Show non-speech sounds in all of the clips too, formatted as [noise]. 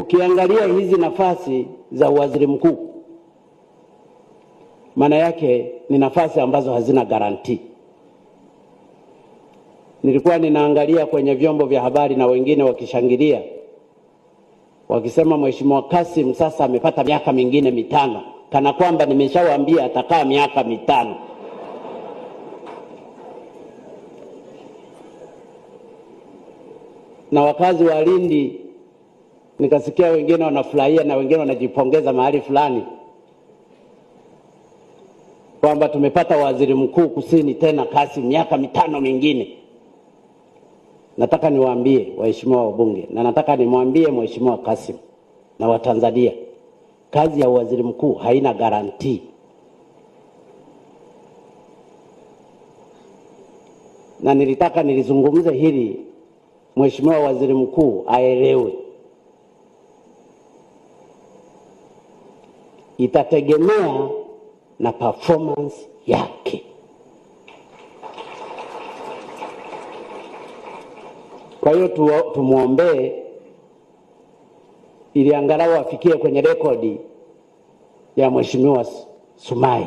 Ukiangalia hizi nafasi za uwaziri mkuu, maana yake ni nafasi ambazo hazina garanti. Nilikuwa ninaangalia kwenye vyombo vya habari na wengine wakishangilia wakisema, Mheshimiwa Kasim sasa amepata miaka mingine mitano, kana kwamba nimeshawaambia atakaa miaka mitano. Na wakazi wa Lindi nikasikia wengine wanafurahia na wengine wanajipongeza mahali fulani kwamba tumepata waziri mkuu kusini tena kasi miaka mitano mingine. Nataka niwaambie waheshimiwa wabunge, na nataka nimwambie mheshimiwa Kasim na Watanzania, kazi ya waziri mkuu haina garantii. Na nilitaka nilizungumze hili, mheshimiwa waziri mkuu aelewe itategemea na performance yake. Kwa hiyo tumwombee ili angalau afikie kwenye rekodi ya Mheshimiwa sumai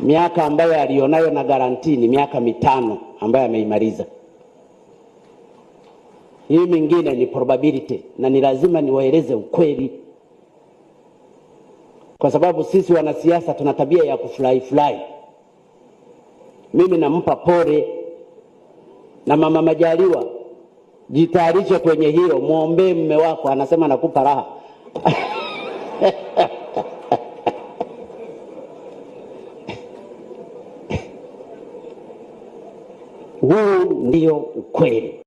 miaka ambayo alionayo na garantii ni miaka mitano ambayo ameimaliza. Hii mingine ni probability, na ni lazima niwaeleze ukweli kwa sababu sisi wanasiasa tuna tabia ya kufurahi furahi. Mimi nampa pole na Mama Majaliwa, jitayarishe kwenye hiyo, mwombee mme wako, anasema nakupa raha [laughs] Huu ndio ukweli.